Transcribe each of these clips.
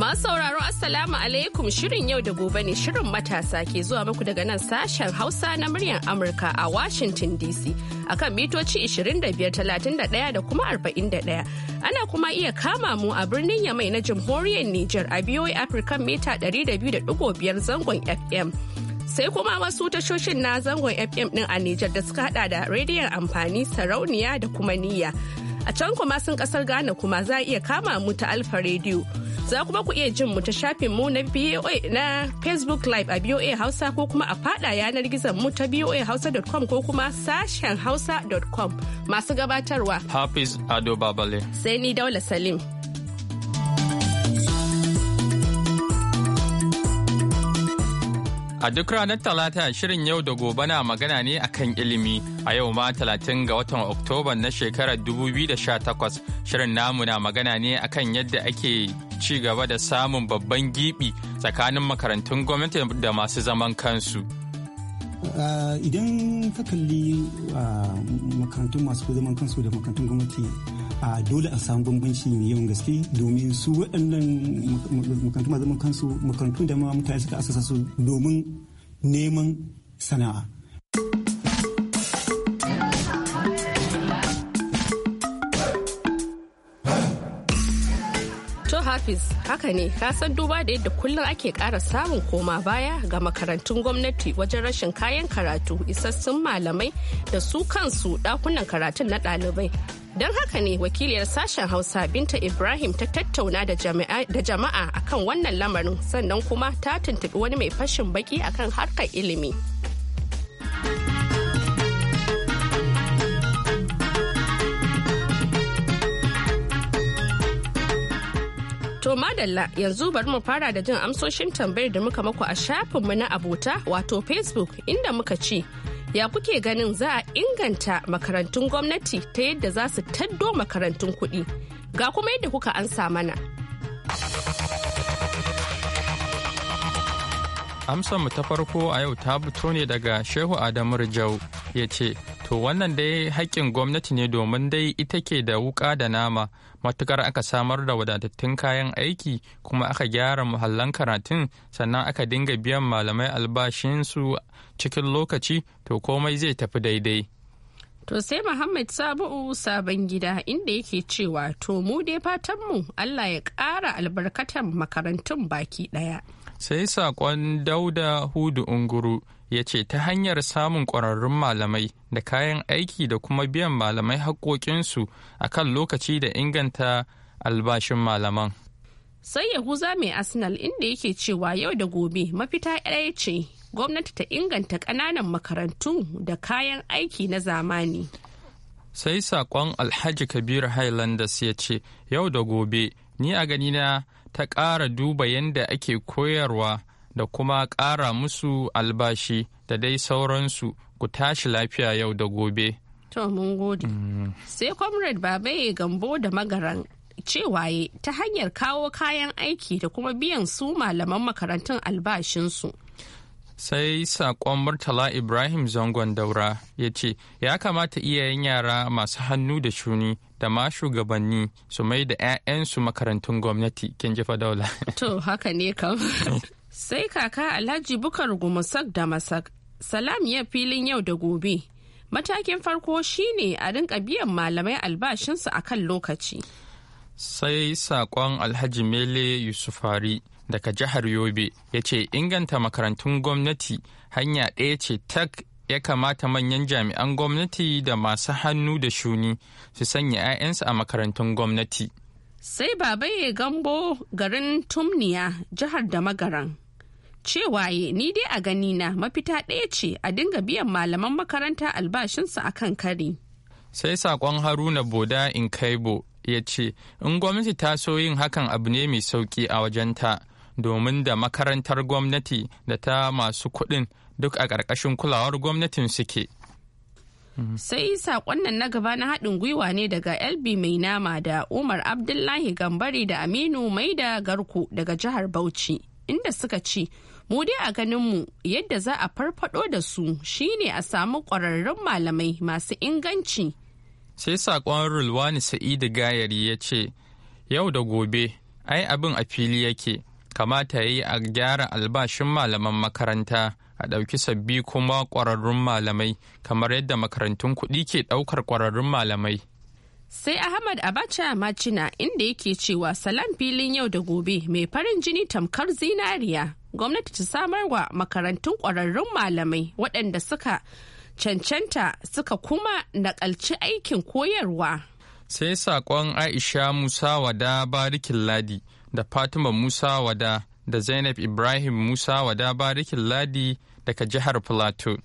Masu sauraro Assalamu alaikum shirin yau da gobe ne shirin matasa ke zuwa muku daga nan sashen Hausa na muryar Amurka a Washington DC akan mitoci 25,31 da kuma 41. Ana kuma iya kama mu a birnin Yamai na jamhuriyar Nijar a BOA African mita 200.5 zangon FM. sai kuma wasu tashoshin na zangon fm din a Nijar da suka hada da rediyon amfani sarauniya da kuma niyya a can kuma sun kasar ghana kuma za a iya kama mu ta alfa rediyo Za kuma ku iya jin mu ta shafin mu na BOA na Facebook Live a BOA Hausa ko kuma a fada yanar gizon mu ta com ko kuma sashen hausa.com masu gabatarwa. Hafiz Ado Babale. Sai ni Daula Salim. A duk ranar Talata shirin yau da gobe na magana ne akan ilimi a yau ma 30 ga watan Oktoba na shekarar 2018 shirin namu na magana ne akan yadda ake ci gaba da samun babban gibi tsakanin makarantun gwamnati da masu zaman kansu. Idan ka kalli makarantun masu zaman kansu da makarantun gwamnati a dole a samu bambanci mai yawan gaske domin su waɗannan makarantu zaman kansu makarantu da ma mutane suka asasa su domin neman sana'a. Hafiz haka ne ka san duba da yadda kullum ake ƙara samun koma baya ga makarantun gwamnati wajen rashin kayan karatu isassun malamai da su kansu dakunan karatun na ɗalibai Don haka ne wakiliyar sashen Hausa Binta Ibrahim ta tattauna da jama'a akan wannan lamarin sannan kuma ta tuntuɓi wani mai fashin baki akan harkar ilimi. To madalla yanzu bari mu fara da jin amsoshin tambayar da muka maku a shafinmu na abota wato Facebook inda muka ce ya kuke ganin za a inganta makarantun gwamnati ta yadda za su taddo makarantun kuɗi ga kuma yadda kuka ansa mana. amsar mu ta farko a yau ta fito ne daga shehu adamu rijau ya ce to wannan dai haƙƙin gwamnati ne domin dai ita ke da wuƙa da nama matukar aka samar da wadatattun kayan aiki kuma aka gyara muhallan karatun sannan aka dinga biyan malamai albashinsu cikin lokaci to komai zai tafi daidai To sai Muhammad Sabu'u sabon gida inda yake cewa to mu dai fatanmu Allah ya ƙara albarkatan makarantun baki ɗaya. sai saƙon dauda hudu unguru ya ce ta hanyar samun ƙwararrun malamai da kayan aiki da kuma biyan malamai haƙoƙinsu a kan lokaci da inganta albashin malaman sai yahuza mai arsenal inda yake cewa yau da gobe mafita ɗaya ce gwamnati ta inganta ƙananan makarantu da kayan aiki na zamani sai saƙon alhaji kabiru highlanders ya ce yau da gobe ni a ganina ta ƙara duba yadda ake koyarwa da kuma ƙara musu albashi da dai sauransu ku tashi lafiya yau da gobe. To mun gode. Mm. Sai Comrade Babaye Gambo da Magaran cewaye ta hanyar kawo kayan aiki da kuma biyan su malaman makarantun albashinsu. sai saƙon murtala ibrahim zangon daura ya ce ya kamata iyayen yara masu hannu da shuni da ma shugabanni su mai da 'ya'yansu makarantun gwamnati kin jefa daula. To haka ne kam. Sai kaka Alhaji Bukar Gumusak da Masak, salam ya filin yau da gobe. Matakin farko shine a rinka biyan malamai albashinsu a kan lokaci. Sai saƙon Alhaji Mele Yusufari daga jihar Yobe ya ce inganta makarantun gwamnati hanya ɗaya ce tak ya kamata manyan jami'an gwamnati da masu hannu da shuni su sanya 'ya'yansu a makarantun gwamnati. Sai Baba babaye gambo garin Tumniya jihar da magaran. Cewaye ni dai a ganina mafita ɗaya ce a dinga biyan malaman makaranta albashinsu a kan kari. Sai saƙon Haruna Boda in kaibo ya ce, In gwamnati ta so yin hakan abu ne mai sauƙi a wajenta, domin da makarantar gwamnati da ta masu kuɗin duk a ƙarƙashin kulawar gwamnatin suke. Sai saƙon nan na gaba na haɗin gwiwa ne daga LB mai nama da Umar Abdullahi Gambari da Aminu mai da Garku daga jihar Bauchi inda suka ci, Mu dai a ganinmu yadda za a farfado da su shine a samu ƙwararrun malamai masu inganci. Sai saƙon Rulwani Sa'idu Gayari ya ce, Yau da gobe, ai abin a fili yake. kamata ya yi a gyara albashin malaman makaranta a ɗauki sabbi kuma ƙwararrun malamai kamar yadda makarantun kuɗi ke ɗaukar ƙwararrun malamai. Sai Ahmad Abacha Macina inda yake cewa salam filin yau da gobe mai farin jini tamkar zinariya gwamnati ta samar wa makarantun ƙwararrun malamai waɗanda suka cancanta suka kuma naƙalci aikin koyarwa. Sai saƙon Aisha Musa Wada Barikin Ladi. da Fatima Musa Wada da Zainab Ibrahim Musa Wada Barikin Ladi daga jihar Plateau.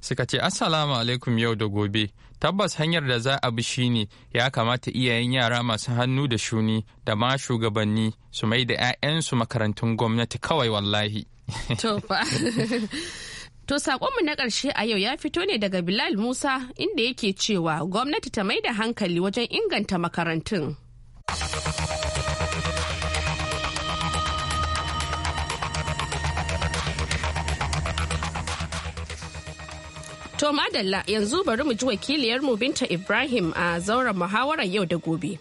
Suka ce, Assalamu alaikum yau da gobe, tabbas hanyar da za a bi shi ne ya kamata iyayen yara masu hannu da shuni da ma shugabanni su mai da 'ya'yansu makarantun gwamnati kawai wallahi. To saƙonmu na ƙarshe a yau ya fito ne daga Bilal Musa inda yake cewa gwamnati ta mai da hankali wajen inganta makarantun. To madalla yanzu bari mu ji wakiliyar mu Binta Ibrahim a zauren muhawarar yau da gobe.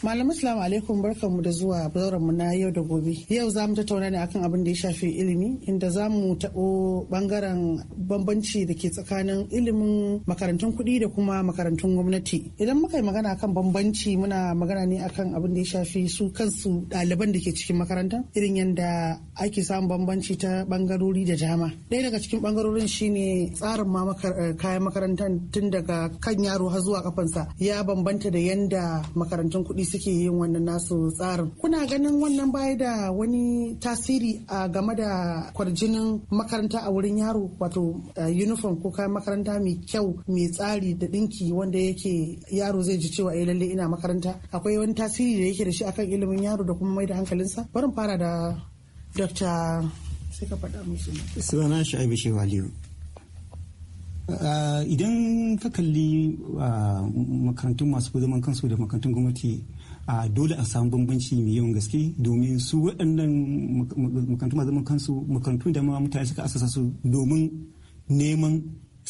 Malam Assalamu alaikum barkanmu da zuwa mu na yau da gobe. Yau za mu tattauna ne akan abin da ya shafi ilimi inda za mu taɓo bangaren bambanci da ke tsakanin ilimin makarantun kuɗi da kuma makarantun gwamnati. Idan muka yi magana akan bambanci muna magana ne akan abin da ya shafi su kansu ɗaliban da ke cikin makarantar irin yadda ake samun bambanci ta bangarori da dama. Ɗaya daga cikin bangarorin shine tsarin ma eh, kayan makarantar tun daga kan yaro har zuwa kafansa ya bambanta da yanda makarantun kuɗi suke yin wannan nasu tsarin kuna ganin wannan baya da wani tasiri a game da kwarjinin makaranta a wurin yaro wato eh, uniform ko kayan makaranta mai kyau mai tsari da dinki wanda yake yaro zai ji cewa eh, lalle ina makaranta akwai wani tasiri da yake da shi akan ilimin yaro da kuma mai da hankalinsa barin fara da dr sai ka faɗa musu Eh, idan ka kalli eh, makarantun masu zaman kansu da makarantun gwamnati a eh, dole a samu bambanci mai yawan gaske domin su waɗannan makarantu masu zaman kansu makarantu da ma mutane suka asasa su domin neman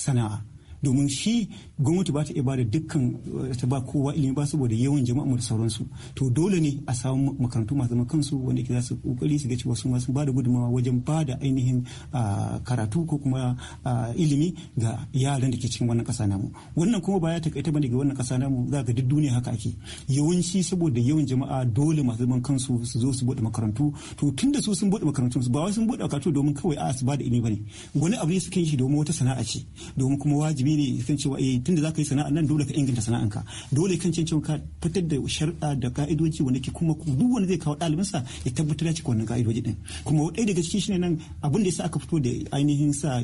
sana'a domin shi gwamnati ba ta iya bada dukkan ta ba kowa ilimi ba saboda yawan jama'a da sauransu to dole ne a samu makarantu masu zaman kansu wanda ke za su kokari su ga cewa su ma su bada gudunmawa wajen bada ainihin karatu ko kuma ilimi ga yaran da ke cikin wannan kasa namu wannan kuma baya kaita bane ga wannan kasa namu za ga duk duniya haka ake yawanci saboda yawan jama'a dole masu zaman kansu su zo su bude makarantu to tunda su sun bude makarantu su ba wai sun bude makarantu domin kawai a su bada ilimi bane wani abu ne suke yi domin wata sana'a ce domin kuma wajibi wajibi ne kan cewa eh tunda zaka yi sana'a nan dole ka inganta sana'anka dole kan cewa ka fitar da sharɗa da ka'idoji wanda ke kuma duk wanda zai kawo ɗalibinsa ya tabbatar da cikin wannan ka'idoji din kuma ɗaya daga cikin shi ne nan abin da yasa aka fito da ainihin sa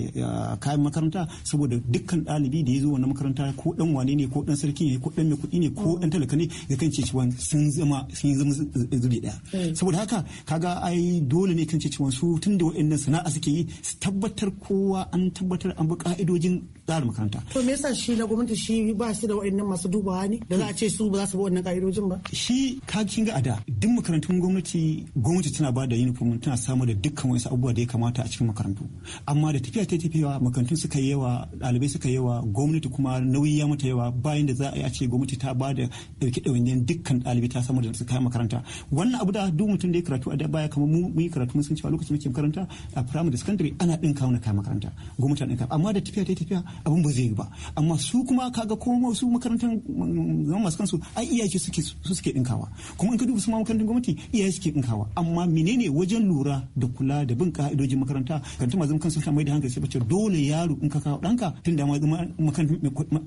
kayan makaranta saboda dukkan ɗalibi da ya zo wannan makaranta ko ɗan wane ne ko ɗan sarki ne ko ɗan mai kuɗi ne ko dan talaka ne ya kan cewa sun zama sun zama zube ɗaya mm. saboda haka kaga ai dole ne kan cewa su tunda waɗannan sana'a suke yi su tabbatar kowa an tabbatar an bi ka'idojin tsarin makaranta. To me yasa shi na gwamnati shi ba shi da wa'annan masu dubawa ne da za a ce su ba za su bi wannan ka'idojin ba? Shi ka kin ga ada duk makarantun gwamnati gwamnati tana ba da uniform tana samar da dukkan wasu abubuwa da ya kamata a cikin makarantu amma da tafiya ta tafiya makarantun suka yi yawa ɗalibai suka yi yawa gwamnati kuma nauyi ya mata yawa bayan da za a yi a ce gwamnati ta ba da ɗauki ɗawainiyar dukkan ɗalibai ta samar da su kayan makaranta wannan abu da duk mutum da ya karatu a da baya kamar mu yi karatu mun san cewa lokacin muke makaranta a primary da secondary ana ɗin kawo kayan makaranta gwamnati na ɗin amma da tafiya ta tafiya abin ba zai yi ba amma su kuma kaga ko su makarantar zaman mm, masu kansu ai iyaye suke su suke dinkawa kuma in ka duba su ma makarantar gwamnati iyaye suke dinkawa amma menene wajen lura da kula da bin ka'idojin makaranta makarantar masu kansu ta mai da hankali sai dole yaro in ka kawo danka tun da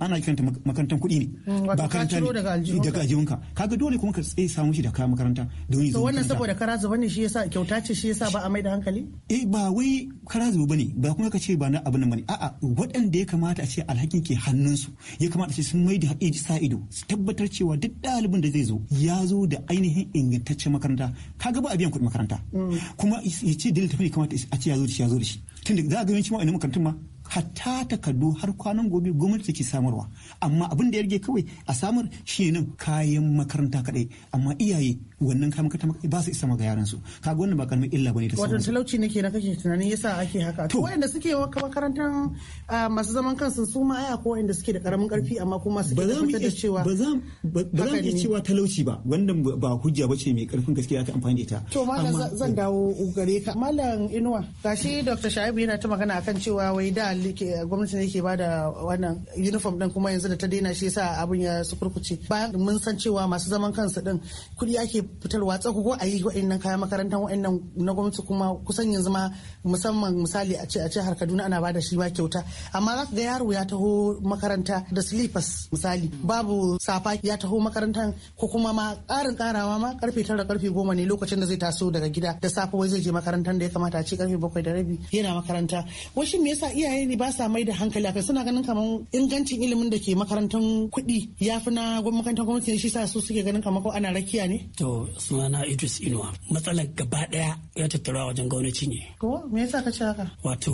ana kiranta makarantar kuɗi ne mm, ba karanta ne daga ajiyunka kaga dole kuma ka tsaye samu shi da kayan makaranta don yi zuwa wannan saboda kara zuba ne shi yasa kyauta ce shi yasa ba a mai da hankali eh ba wai kara zuba bane ba kuma ka ce ba na abin nan bane a'a waɗanda ya kamata a ce alhakin ke hannunsu ya kamata ce sun mai da sa ido su tabbatar cewa duk ɗalibin da zai zo ya zo da ainihin ingantaccen makaranta ka ga ba a biyan kuɗin makaranta mm. kuma ya ce dalilin tafi kamata a ce ya zo da shi ya zo da shi tun da za a ga yawanci ma'aikatan makarantun ma hatta takardu har kwanan gobe gwamnati ke samarwa amma abin da ya rage kawai a samar shi nan kayan makaranta kadai amma iyaye wannan kayan makaranta ba su isa ga yaran su kaga wannan ba karamin illa bane ta wato talauci nake na kake tunanin yasa ake haka to wanda suke makarantar ah, masu zaman kansu su ma aya ko wanda suke da karamin karfi amma kuma suke da cewa ba za ba za mu cewa talauci ba wannan ba hujja bace mai karfin gaskiya ta amfani da ita to malam zan dawo gare ka malam inuwa gashi dr shaibu yana ta magana akan cewa wai da muhalli ke gwamnati ne ke bada wannan uniform din kuma yanzu da ta daina shi yasa abun ya sukurkuce bayan mun san cewa masu zaman kansu din kuɗi ake fitarwa tsaku ko a yi wa'annan kayan makarantar wa'annan na gwamnati kuma kusan yanzu ma musamman misali a ce a ce har Kaduna ana bada shi ba kyauta amma za ka ga yaro ya taho makaranta da slippers misali babu safa ya taho makarantar ko kuma ma ƙarin karawa ma karfe tara karfe goma ne lokacin da zai taso daga gida da safe wai zai je makarantar da ya kamata a ce karfe bakwai da rabi yana makaranta washin me yasa iyaye dalili ba sa mai da hankali akai suna ganin kamar ingancin ilimin da ke makarantun kuɗi ya fi na makarantar gwamnati shi sa su suke ganin kamar ko ana rakiya ne. To sunana Idris Inuwa matsalar gaba ɗaya ya tattara wajen gwamnati ne. Ko me yasa ka ce haka? Wato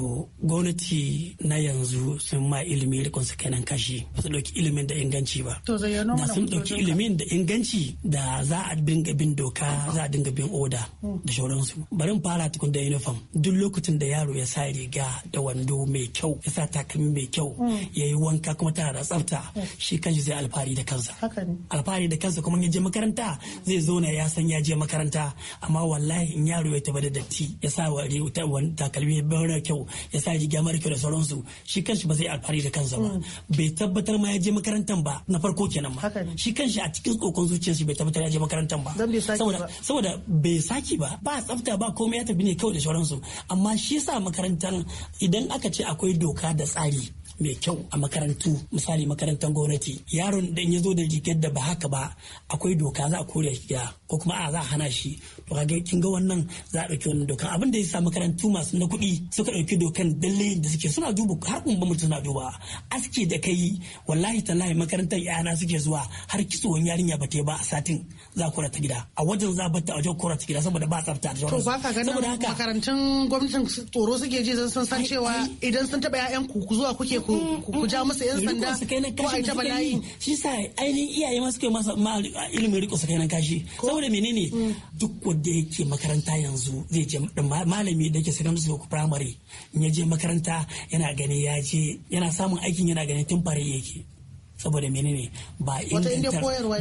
gwamnati na yanzu sun ma ilimi rikon su kenan kashi ba su ɗauki ilimin da inganci ba. To zayyano mana. Na sun ɗauki ilimin da inganci da za a dinga bin doka za a dinga bin oda hmm. da sauransu. Bari fara tukun da uniform duk lokacin da yaro ya sa riga da wando mai kyau. kyau ya sa takalmi mai kyau mm. ya yi wanka kuma tana da tsafta shi kanshi zai alfahari da kansa alfahari da kansa kuma ya je makaranta zai zauna ya san ya je makaranta amma wallahi in yaro ya taba da datti ya sa wa takalmi mara kyau ya sa ji mara kyau da sauransu shi kanshi ba zai alfahari da kansa ba mm. bai tabbatar ma ya je makarantan ba na farko kenan ma shi kanshi a cikin tsokon zuciyar shi bai tabbatar ya je makarantan ba saboda bai saki ba ba tsafta ba komai ya tafi ne kawai da sauransu amma shi sa makarantar idan aka ce akwai akwai doka da tsari mai kyau a makarantu misali makarantar gwamnati yaron da ya zo da rigar da ba haka ba akwai doka za a kore shi ko kuma a za a hana shi to kin ga wannan za a ɗauki wannan dokan abin da ya sa makarantu masu na kuɗi suka ɗauki dokan dalle da suke suna duba har kuma mutum suna duba aski da kai wallahi tallahi makarantar yana suke zuwa har kitsuwan yarinya ba ta ba a satin za ku rata gida a wajen za batta a wajen kura gida saboda ba tsafta da sauransu. saboda haka makarantun gwamnatin tsoro suke ji sun san cewa idan sun taɓa 'ya'yan ku zuwa kuke ku ja musu 'yan sanda ko a ta bala'i. shi sa ainihin iyaye masu suke masa ilimin riko su kai nan kashi saboda menene mm. duk wanda yake makaranta yanzu zai je malami da yake secondary school primary in ya je makaranta yana gani ya je yana samun aikin yana ganin tun fare yake saboda menene ba inganta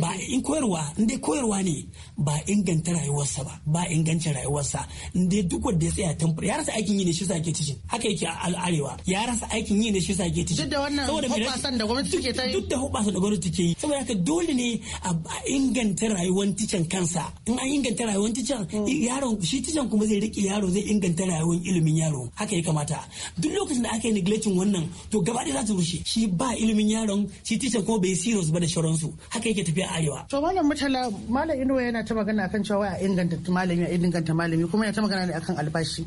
ba in koyarwa in dai koyarwa ne ba inganta rayuwarsa ba ba ingancin rayuwarsa inda duk wanda ya tsaya tamfur ya rasa aikin yi ne shi sa ke tishin haka yake a al'arewa ya rasa aikin yi ne shi sa ke tishin duk da wannan da gwamnati take ta yi duk da hoɓasan da gwamnati ke yi saboda haka dole ne a inganta rayuwar ticin kansa in an inganta rayuwar ticin mm. yaron shi ticin kuma zai rike yaro zai inganta rayuwar ilimin yaro haka ya kamata duk lokacin da aka yi neglecting wannan to gaba ɗaya za ta rushe shi ba ilimin yaron shi ce ko bai serious ba da shauransu haka yake tafiya a arewa to malam mutala malam inuwa yana ta magana akan cewa a inganta malami a inganta malami kuma yana ta magana ne akan albashi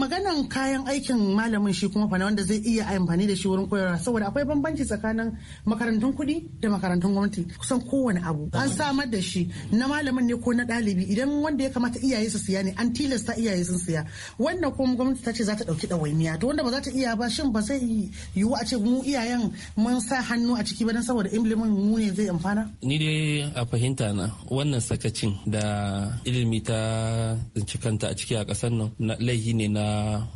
maganan kayan aikin malamin shi kuma fana wanda zai iya amfani da shi wurin koyarwa saboda akwai bambanci tsakanin makarantun kuɗi da makarantun gwamnati kusan kowane abu an samar da shi na malamin ne ko na ɗalibi idan wanda ya kamata iyaye su siya ne an tilasta iyaye sun siya wannan kuma gwamnati ta ce za ta ɗauki ɗawainiya to wanda ba za ta iya ba shin ba zai yiwu a ce mu iyayen mun sa hannu a ciki ba ganin saboda ilimin mu ne zai amfana? Ni dai a fahimta na wannan sakacin da ilimi ta tsinci a ciki a ƙasar nan na laihi ne na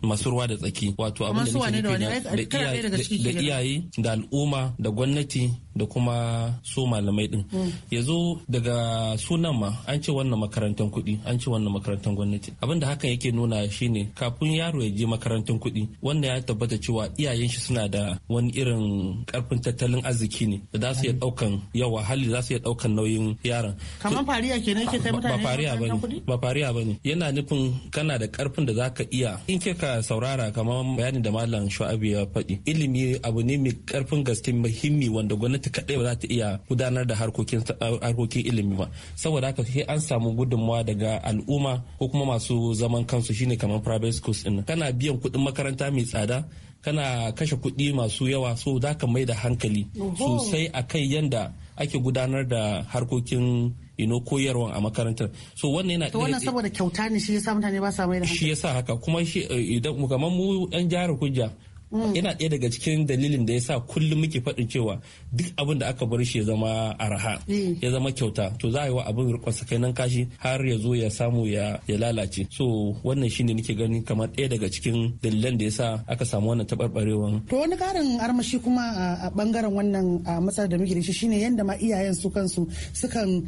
masurwa da tsaki wato abin da nake nufi da iyaye da al'umma da gwamnati da kuma su malamai din mm. ya zo daga sunan ma an ce wannan makarantar kuɗi an ce wannan makarantar gwamnati abin da hakan yake nuna shine kafin yaro ya je makarantar kuɗi wannan ya tabbata cewa iyayen shi suna da wani irin karfin tattalin arziki ne da za su iya daukan mm. yawa hali za su iya daukan nauyin yaron kamar fariya kenan ke kai mutane ba fariya bane ba fariya bane yana nufin kana da karfin da zaka iya in ke ka saurara kamar bayanin da malam Shu'abi ya faɗi ilimi abu ne mai karfin gaske muhimmi wanda gwamnati gwamnati kaɗai ba za ta iya gudanar da harkokin ilimi ba saboda haka sai an samu gudunmawa daga al'umma ko kuma masu zaman kansu shine kamar private schools din kana biyan kuɗin makaranta mai tsada kana kashe kuɗi masu yawa so za ka mai da hankali sosai a kai yanda ake gudanar da harkokin ino koyarwa a makarantar so wannan yana wannan saboda kyauta ne shi yasa mutane ba sa mai da hankali shi yasa haka kuma shi eh, idan kamar mu yan jihar hujja yana mm. ɗaya daga cikin dalilin da ya sa kullum muke faɗin cewa duk abin da aka bar shi ya zama araha mm. ya zama kyauta to za a yi wa abin rikon nan kashi har ya zo ya samu ya lalace so wannan shine nake gani kamar ɗaya daga cikin dalilan da ya sa aka samu wannan taɓarɓarewan. to wani ƙarin armashi kuma a ɓangaren wannan matsalar da muke da shi shine yadda ma iyayen su kansu sukan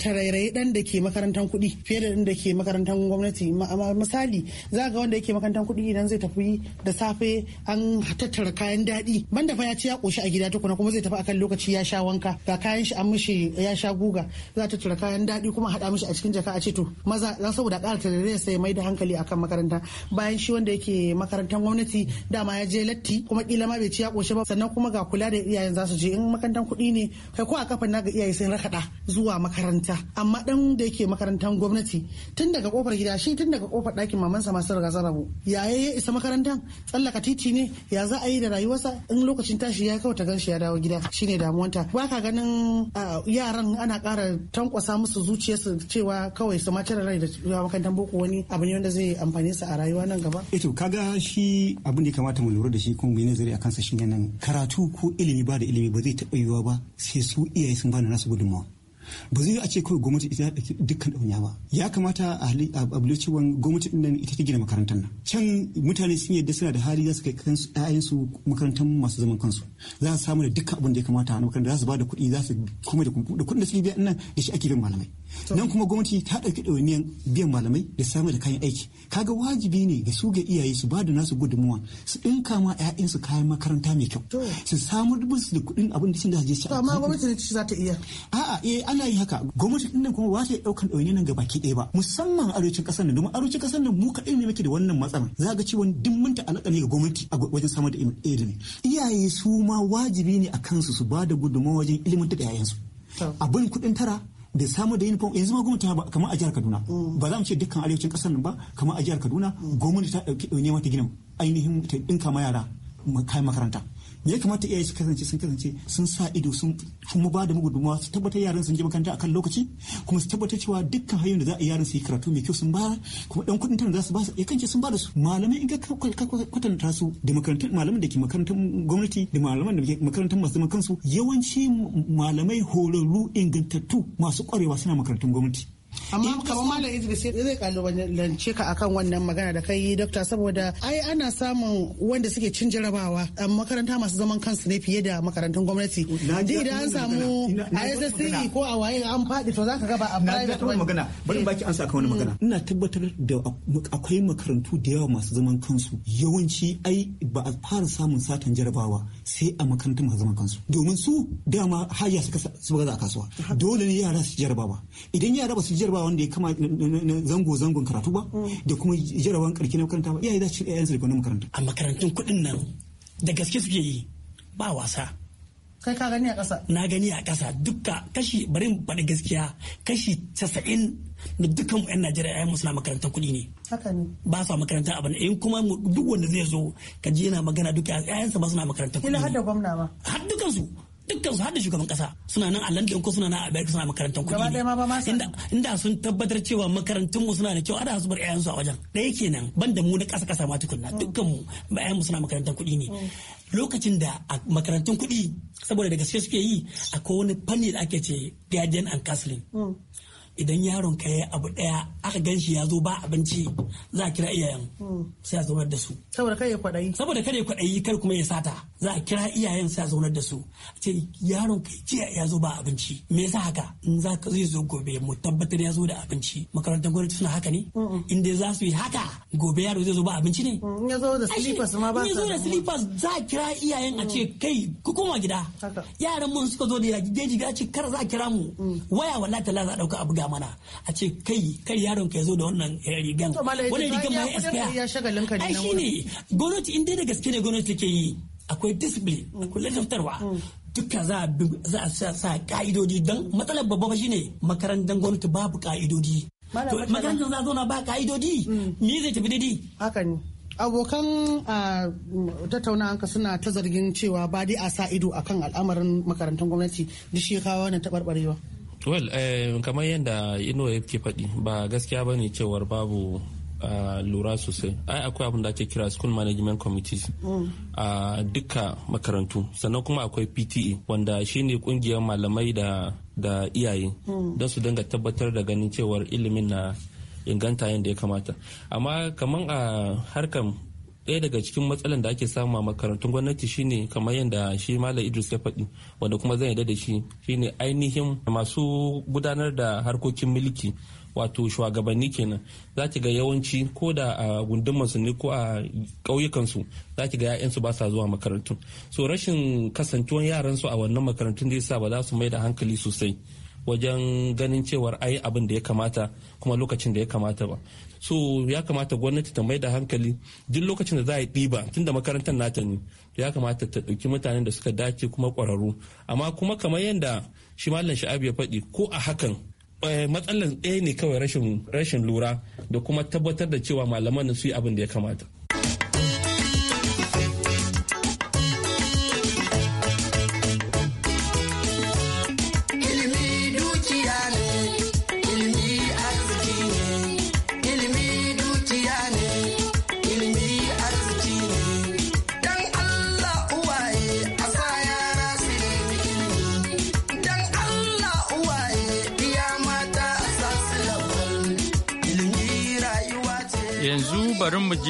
tarairayi ɗan da ke makarantar kuɗi fiye da ɗan da ke makarantar gwamnati misali za ga wanda yake makarantar kuɗi idan zai tafi da safe an tattara kayan daɗi ban fa ya ci ya ƙoshi a gida tukuna kuma zai tafi akan lokaci ya sha wanka ga kayan shi an mishi ya sha guga za ta tattara kayan daɗi kuma haɗa mishi a cikin jaka a ce to maza dan saboda ƙara tarare sai mai da hankali akan makaranta bayan shi wanda yake makarantar gwamnati dama ya je latti kuma kila ma bai ci ya ƙoshi ba sannan kuma ga kula da iyayen za su je in makarantar kuɗi ne kai ko a kafa na ga iyaye sun rakaɗa zuwa makaranta amma dan da yake makarantar gwamnati tun daga kofar gida shi tun daga kofar ɗakin mamansa masu riga rabu yaya ya isa makarantar tsallaka titi ne ya za a yi da rayuwarsa in lokacin tashi ya kawo ta gan ya dawo gida shine damuwanta ba ka ganin yaran ana ƙara tankwasa musu zuciyarsu cewa kawai su ma cire rai da makarantar boko wani abu ne wanda zai amfane su a rayuwa nan gaba eto eh kaga shi abu ne ya kamata mu lura da shi kuma mu yi nazari a kansa shi nan karatu ko ilimi ba da ilimi ba zai taɓa yiwuwa ba sai su iyaye sun bani nasu gudunmawa ba zai a ce kawai gwamnati ita da dukkan ɗaunya ba ya kamata a abu cewa gwamnati ɗin nan ita ta gina makarantar nan can mutane sun yadda suna da hali za su kai kansu ƴaƴansu makarantar masu zaman kansu za su samu da dukkan abin da ya kamata a makarantar za su ba da kuɗi za su kuma da kuɗin da su biya nan da shi ake bin malamai nan kuma gwamnati ta ɗauki ɗawainiyan biyan malamai da samar da kayan aiki kaga wajibi ne ga su ga iyaye su ba da nasu gudunmuwa su ɗinka ma 'ya'yansu kayan makaranta mai kyau su samar da musu da kuɗin abin da sun da je shi amma gwamnati ne za ta iya a'a eh ana yi haka gwamnati ɗin nan kuma ba ta ɗaukan ɗawainiyan nan gabaki ɗaya ba musamman arewacin ƙasar nan domin arewacin ƙasar nan mu kaɗai ne muke da wannan matsalar za ga wani duk mun ta alaƙa ne ga gwamnati a wajen samar da ilimi iyaye su ma wajibi ne a kansu su ba da gudunmuwa wajen ilimin da 'ya'yansu abin kuɗin tara da samu da uniform yanzu ma gwamnati ba kamar a jihar Kaduna mm. ba za mu ce dukkan arewacin kasar nan ba kamar a jihar Kaduna mm. gwamnati ta dauki daune mata gina ainihin ta dinka ma yara kayan makaranta ya kamata iyaye su kasance sun kasance sun sa ido sun kuma ba da mugudumawa su tabbatar yaran sun je makaranta akan lokaci kuma su tabbatar cewa dukkan hanyoyin da za a yaran su yi karatu mai kyau sun ba kuma dan kuɗin tana za su ba su ya kance sun ba da su malamai in ka kwatanta su da makarantar malaman da ke makarantar gwamnati da malaman da ke makarantar masu zaman kansu yawanci malamai horarru ingantattu masu kwarewa suna makarantar gwamnati amma kamar malam idris zai kalubalance ka akan wannan magana da kai dokta saboda ai ana samun wanda suke cin jarabawa a um, makaranta masu zaman kansu ne fiye da makarantun gwamnati duk idan an samu a e ko a waye an faɗi to zaka gaba a private wani magana bari baki an saka wani mm. magana ina tabbatar da akwai makarantu da yawa masu zaman kansu yawanci ai ba a fara samun satan jarabawa sai a makarantun masu zaman kansu domin su dama haya suka su ba za a kasuwa dole ne yara su jarabawa idan yara ba su jarba wanda ya kama zango zangon karatu ba mm. da kuma jarabawan karki na makaranta ba iyaye za su yayan su da makaranta a makarantun kuɗin nan da gaske suke yi ba wasa kai ka gani a ƙasa na gani a ƙasa duka kashi bari mu faɗi gaskiya kashi casa'in na dukkan mu 'yan Najeriya ya musu na makarantar kuɗi ne Haka ne. ba su makaranta abin in kuma duk wanda zai zo ka je yana magana duka 'ya'yansa ba su na makarantar kuɗi ne har da gwamna ba har dukansu dukkan su haɗin shugaban kasa suna nan a London ko suna nan a America suna makarantar kuɗi sa. inda sun tabbatar cewa makarantun mu suna da kyau ana su bar ƴaƴan a wajen ɗaya kenan banda mu na ƙasa ƙasa ma tukunna mm. dukkan mu ƴaƴan mu suna makarantar kuɗi ne mm. lokacin da a makarantun kuɗi saboda da gaske suke yi akwai wani fanni da ake ce guardian and counseling mm. idan yaron ka yi abu daya aka gan shi ya zo ba abinci za a kira iyayen sai a zaunar da su saboda kare ya kwaɗayi saboda kare ya kwaɗayi kar kuma ya sata za a kira iyayen sai a zaunar da su a ce yaron kai jiya ya zo ba abinci me yasa haka in za ka zai zo gobe mu tabbatar ya zo da abinci makarantar gwamnati suna haka ne in dai za su yi haka gobe yaro zai zo ba abinci ne ya zo da slippers ma ba ya zo da slippers za a kira iyayen a ce mm. kai ku koma gida yaran mun suka zo da ya geji ga ce kar za a kira mu mm. waya wallahi talla za a dauka abu ga mana a ce kai kar yaron ka ya zo da wannan eh, rigan wannan rigan ma ya expire ai shine gwamnati in dai da gaske ne gwamnati take yi akwai discipline mm. akwai ladabtarwa mm. duka za a sa ka'idodi don matsalar babba shine makarantar gwamnati babu ka'idodi makarantar za zo na ba ka'idodi Ni mm. zai tafi daidai haka ne abokan tattaunawanka suna ta zargin cewa ba dai a sa ido akan al'amarin makarantar gwamnati da shi kawo wannan taɓarɓarewa well eh, kamar yadda ino ya ke faɗi ba gaskiya ba ne cewar babu lura sosai ai akwai abin da ake kira school management committees mm. a duka makarantu sannan kuma akwai pta wanda shine kungiyar malamai da iyaye mm. don su dinga tabbatar da ganin cewar ilimin na inganta yadda ya kamata amma kamar a harkar ɗaya daga cikin matsalar da ake samu a makarantun gwamnati shine kamar yadda shi malam idris ya faɗi wanda kuma zan yarda da shi shine ainihin masu gudanar da harkokin mulki wato shugabanni kenan za ki ga yawanci ko da a gundumarsu su ne ko a ƙauyukansu za ki ga 'ya'yansu ba sa zuwa makarantu so rashin kasantuwan yaran su a wannan makarantun zai sa ba za su mai da hankali sosai wajen ganin cewar ai abin da ya kamata kuma lokacin da ya kamata ba so ya kamata gwamnati ta mai da hankali duk lokacin da za a yi tun da makarantar nata ne ya kamata ta ɗauki mutanen da suka dace kuma ƙwararru amma kuma kamar yadda shi mallam sha'abu ya faɗi ko a hakan Eh, matsalar ɗaya ne kawai rashin lura da kuma tabbatar da cewa malaman su yi abin da ya kamata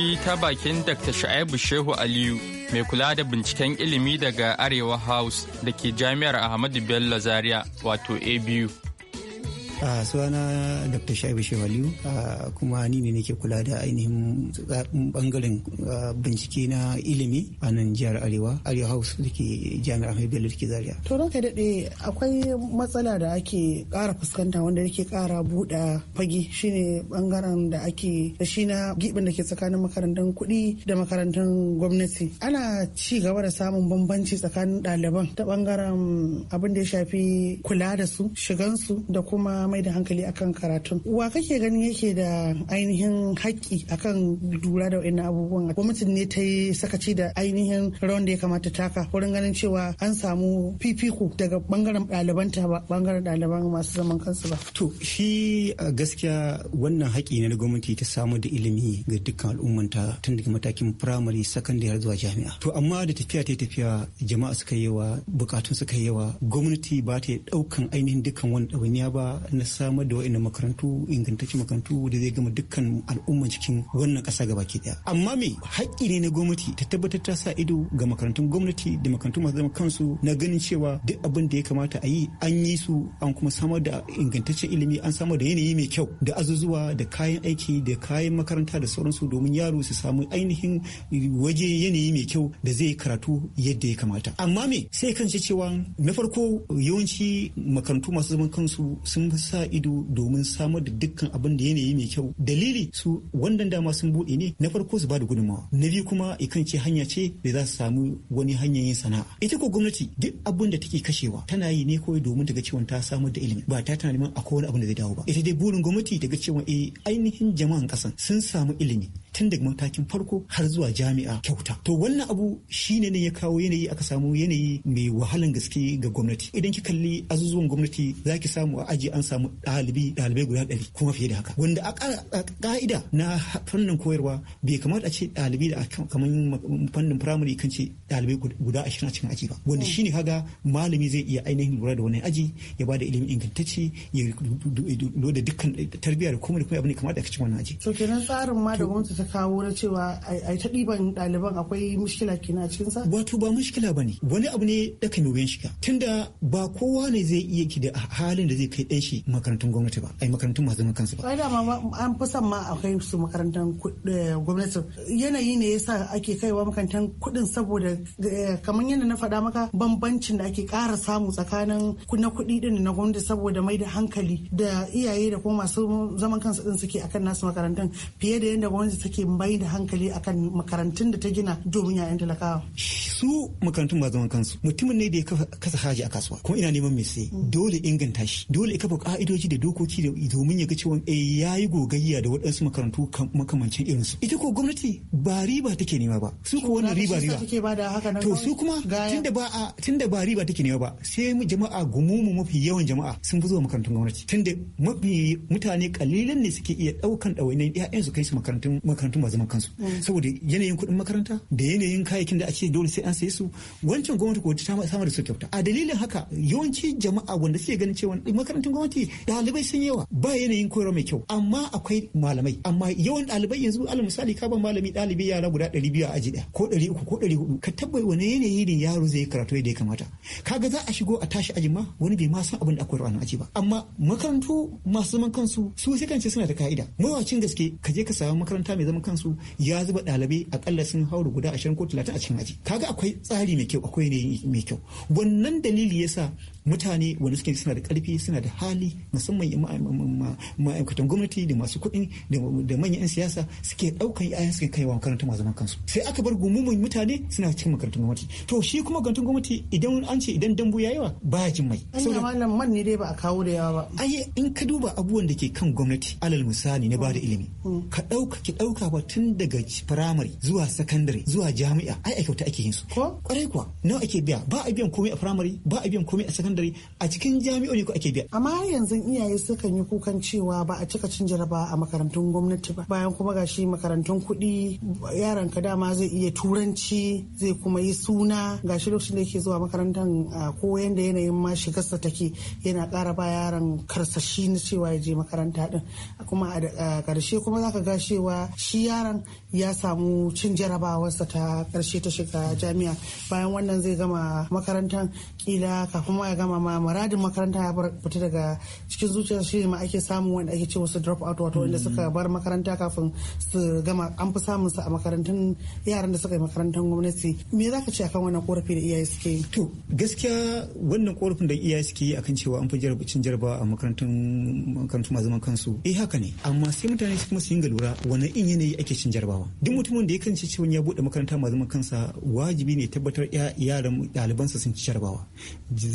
ji ta bakin Dr. Sha'ibu Shehu Aliyu, mai kula da binciken ilimi daga Arewa House da ke Jami'ar Ahmadu Bello Zaria, wato ABU. a suwana dr shaibu shewaliu kuma ni ne nake kula da ainihin bangaren bincike na ilimi a nan jihar arewa arewa house da ke jami'ar ahmed bello da ke zaria to ranka daɗe akwai matsala da ake ƙara fuskanta wanda yake ƙara buɗa fage shine bangaren da ake da shi na gibin da ke tsakanin makarantun kuɗi da makarantar gwamnati ana ci gaba da samun bambanci tsakanin ɗaliban ta bangaren abin da ya shafi kula da su shigansu da kuma mai da hankali akan karatun wa kake ganin yake da ainihin haƙƙi akan lura da wa'annan abubuwan gwamnatin ne ta yi sakaci da ainihin rawan da ya kamata taka wurin ganin cewa an samu fifiko daga bangaren ɗalibanta ba bangaren ɗaliban masu zaman kansu ba to shi gaskiya wannan haƙƙi ne na gwamnati ta samu da ilimi ga dukkan al'ummanta tun daga matakin firamare sakandare zuwa jami'a to amma da tafiya ta tafiya jama'a suka yawa bukatun suka yi yawa gwamnati ba ta ɗaukan ainihin dukkan wani ɗawainiya ba na samar da wa'annan makarantu ingantaccen makarantu da zai gama dukkan al'umma cikin wannan ƙasa gaba ke daya amma me haƙƙi ne na gwamnati ta tabbatar ta sa ido ga makarantun gwamnati da makarantu masu zama kansu na ganin cewa duk abin da ya kamata a yi an yi su an kuma samar da ingantaccen ilimi an samar da yanayi mai kyau da azuzuwa da kayan aiki da kayan makaranta da sauransu domin yaro su samu ainihin waje yanayi mai kyau da zai karatu yadda ya kamata amma me sai kan cewa na farko yawanci makarantu masu zaman kansu sun sa ido domin samar da dukkan abin da yanayi mai kyau dalili su wannan dama sun buɗe ne na farko su bada da gudunmawa na biyu kuma ikan ce hanya ce da za su samu wani hanyar yin sana'a ita ko gwamnati duk abin da take kashewa tana yi ne kawai domin daga cewa ta samar da ilimi ba ta tana neman akwai wani abin da zai dawo ba ita dai burin gwamnati daga cewa eh ainihin jama'an kasan sun samu ilimi tun daga matakin farko har zuwa jami'a kyauta to wannan abu shine ne ya kawo yanayi aka samu yanayi mai wahalan gaske ga gwamnati idan ki kalli azuzuwan gwamnati za ki samu a aji an samu ɗalibi ɗalibai guda ɗari kuma fiye da haka wanda a ƙa'ida na fannin koyarwa bai kamata a ce ɗalibi da kamar fannin firamare kan ce ɗalibai guda ashirin a cikin aji ba wanda shine kaga malami zai iya ainihin lura da wani aji ya bada ilimin ingantacce ya lura da dukkan tarbiyya da komai da komai abin da kamata a cikin wannan aji. so kenan tsarin ma da gwamnati ta kawo na cewa ai ta ɗiban ɗaliban akwai mushkila ke a cikinsa? Wato ba mushkila ba ne wani abu ne da mai wuyan shiga tunda ba kowa ne zai iya ki da halin da zai kai ɗan shi makarantun gwamnati ba ai makarantun masu zaman kansu ba. Ai dama an fi son ma akwai su makarantan eh, gwamnati yanayi ne yasa ake kaiwa makarantun kuɗin saboda eh, kamar yadda na faɗa maka bambancin da ake ƙara samu tsakanin na kuɗi ɗin na gwamnati saboda mai da hankali da iyaye da kuma masu zaman kansu ɗin suke akan nasu makarantun fiye da yadda gwamnati take mai da hankali akan makarantun da ta gina domin yayan talakawa. Su makarantun ba zaman kansu mutumin ne da ya kasa haraji a kasuwa kuma ina neman mai sai mm. dole inganta shi dole kafa ka'idoji da dokoki da domin ya ga cewa eh yayi gogayya da waɗansu makarantu makamancin irin su. Ita ko gwamnati ba riba take nema ba su ko wannan riba riba. To su kuma tunda ba a tunda ba riba take nema ba sai jama'a gumumu mafi yawan jama'a sun fi zuwa makarantun gwamnati tunda mafi mutane kalilan ne suke iya ɗaukan ɗawainiyar su kai su makarantun makarantu ba zaman kansu mm. saboda yanayin kuɗin makaranta da yanayin kayayyakin da ake dole sai an saye su wancan gwamnati ko ta samar da su kyauta a dalilin haka yawanci jama'a wanda suke ganin cewa makarantun gwamnati ɗalibai sun yawa ba yanayin koyarwa mai kyau amma akwai malamai amma yawan ɗalibai yanzu alal misali ka ba malami ɗalibi yara guda ɗari biyu a aji ɗaya ko ɗari uku ko ɗari hudu ka tabbai wani yanayi ne yaro zai karatu yadda ya kamata kaga za a shigo a tashi aji ma wani bai ma san abin da akwai ranar aji ba amma makarantu masu zaman kansu su sai kan suna da ka'ida mawacin gaske ka je ka samu makaranta mai zaman kansu ya zuba dalibai akalla sun haura guda ashirin ko talatin a cikin aji kaga akwai tsari mai kyau akwai ne mai kyau wannan dalili yasa mutane wanda suke suna da karfi suna da hali musamman ma'aikatan gwamnati da masu kuɗi da manyan 'yan siyasa suke ɗaukan yayan suke wa makarantar masu zaman kansu sai aka bar gumumun mutane suna cikin makarantun gwamnati to shi kuma makarantun gwamnati idan an ce idan dambu ya yawa ba jin mai. an man ne dai ba a kawo da yawa ba. ai in ka duba abubuwan da ke kan gwamnati alal misali na bada mm. ilimi mm. ka ɗauka ki ɗauka ba tun daga firamare zuwa sakandare zuwa jami'a ai a kyauta ake yin su. kwarai kuwa nawa ake biya ba a biyan komai a firamare ba a biyan komai a sakandare secondary a cikin jami'o'i ko ake biya amma yanzu iyaye sukan yi kukan cewa ba a cika cin jaraba a makarantun gwamnati ba bayan kuma gashi makarantun kuɗi yaran ka dama zai iya turanci zai kuma yi suna gashi lokacin da yake zuwa makarantar ko yanda yanayin ma shigarsa take yana ƙara ba yaran karsashi na cewa ya je makaranta din kuma a ƙarshe kuma zaka ga cewa shi yaran ya samu cin jarabawarsa ta ƙarshe ta shiga jami'a bayan wannan zai gama makarantar kila kafin ma ya gama ma muradin makaranta ya fita daga cikin zuciyar shi ma ake samu wanda ake ce wasu drop out wato inda suka bar makaranta kafin su gama an fi samun su a makarantun yaran da suka yi makarantun gwamnati me zaka ce akan wannan korafi da iyaye suke to gaskiya wannan korafin da iyaye suke yi akan cewa an fi jarabcin jarabawa a makarantun makarantu masu zaman kansu eh haka ne amma sai mutane su kuma su dinga lura wani in yanayi ake cin jarabawa duk mutumin da ya kance cewa ya bude makaranta masu zaman kansa wajibi ne tabbatar yaran ɗalibansa sun ci jarabawa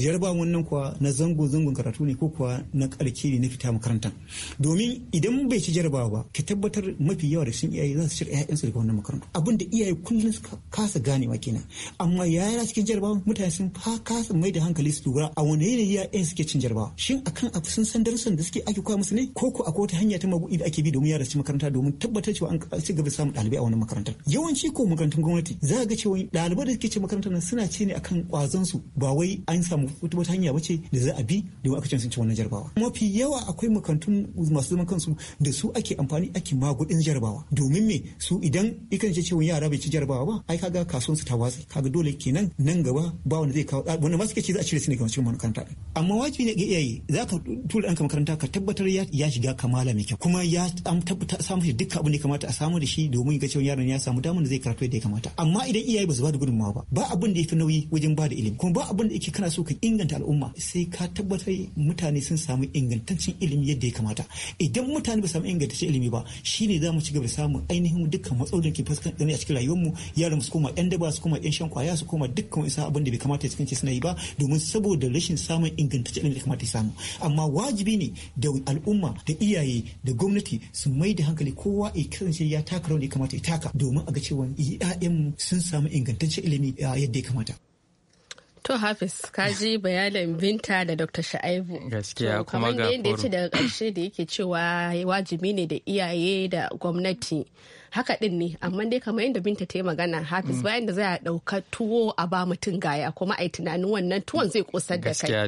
jarabawa wannan kuwa na zango zangon karatu ne ko kuwa na karke ne na fita makarantar domin idan bai ci jarabawa ba ki tabbatar mafi yawa da sun iyaye za su cire ƴaƴansu daga wannan makarantar abin da iyaye kullum suka kasa gane ganewa kenan amma yaya cikin jarabawa mutane sun kasa mai da hankali su dogara a wani yanayi ƴaƴan suke cin jarabawa shin akan abu sun san darussan da suke ake koya musu ne ko ko akwai wata hanya ta mabuɗi da ake bi domin yara su makaranta domin tabbatar cewa an ci gaba samun ɗalibai a wannan makarantar yawanci ko makarantun gwamnati za ga cewa ɗalibai da suke cin makarantar nan suna ci ne akan kwazon su ba wai an samu wata hanya bace da za a bi da aka cin sun ci wannan jarabawa mafi yawa akwai makarantun masu zaman kansu da su ake amfani ake magudin jarabawa domin me su idan ikan ce cewa yara bai ci jarabawa ba ai kaga kasuwansu ta watsi kaga dole kenan nan gaba ba wanda zai kawo wanda suke ci za a cire su ne kamar cikin makaranta amma wajibi ne ga iyaye za ka tura ɗanka makaranta ka tabbatar ya shiga kamala mai kyau kuma ya tabbata samu shi dukkan abin da kamata a samu da shi domin ga cewa yaron ya samu damar da zai karatu yadda ya kamata amma idan iyaye ba su ba da gudunmawa ba ba abin da ya fi nauyi wajen ba da ilimi kuma ba abin da yake kana so ka inganta al'umma sai ka tabbatar mutane sun samu ingantaccen ilimi yadda ya kamata idan mutane ba samu ingantaccen ilimi ba shine za mu ci gaba da samun ainihin dukkan matsalolin ke fuskantar a cikin rayuwarmu yaran su koma yan daba su koma yan shan kwaya su koma dukkan isa abin da bai kamata su suna yi ba domin saboda rashin samun ingantaccen ilimi da kamata ya samu amma wajibi ne da al'umma da iyaye da gwamnati su mai da hankali kowa ya kasance ya taka rawar da ya kamata ya taka domin a ga cewa 'ya'yanmu sun samu ingantaccen ilimi yadda ya kamata. To Hafiz, ka ji bayanin binta da Dr. Sha'aibu. Gaskiya kuma ga Kamar da ya ce daga ƙarshe da yake cewa wajibi ne da iyaye da gwamnati haka din ne amma dai kamar yadda binta ta yi magana hafiz mm. bayan da za a ɗauka tuwo a ba mutum gaya kuma a yi tunanin wannan tuwon zai kosar da kai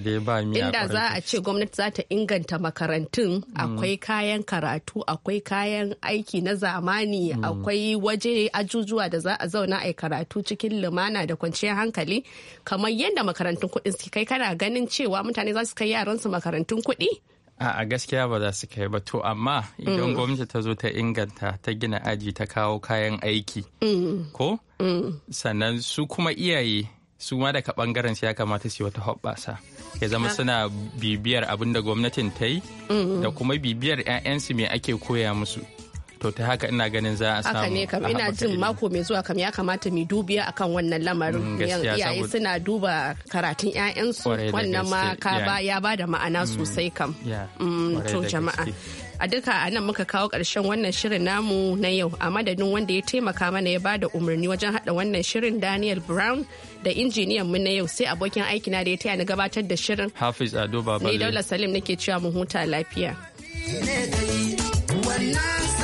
inda za a ce gwamnati za ta inganta makarantun mm. akwai kayan karatu akwai kayan aiki na zamani mm. akwai waje ajujuwa da za a zauna a karatu cikin lumana da kwanciyar hankali kamar yadda makarantun kuɗin su kai kana ganin cewa mutane za su kai yaransu makarantun kuɗi a gaskiya ba za su kai ba to amma idan mm. gwamnati ta zo ta inganta ta gina aji ta kawo kayan aiki mm. ko mm. sannan su kuma iyaye su ma daga bangaren su ya kamata su yi wata hoɓɓasa ya zama suna bibiyar abin da gwamnatin ta yi da kuma bibiyar 'ya'yansu me ake koya musu to ta haka ina ganin za a samu ne kam ina jin mako mai zuwa kam ya kamata mu dubiya akan wannan lamarin mm, iyaye suna duba karatun ƴaƴansu wannan ma ka ya ba da ma'ana mm, sosai kam mm, to jama'a a duka a nan muka kawo ƙarshen wannan shirin namu na yau a madadin wanda ya taimaka mana ya bada umarni wajen hada wannan shirin daniel brown da injiniyan mu na yau sai abokin aiki na da ya taya ni gabatar da shirin hafiz ado babale daula salim nake cewa mu huta lafiya wannan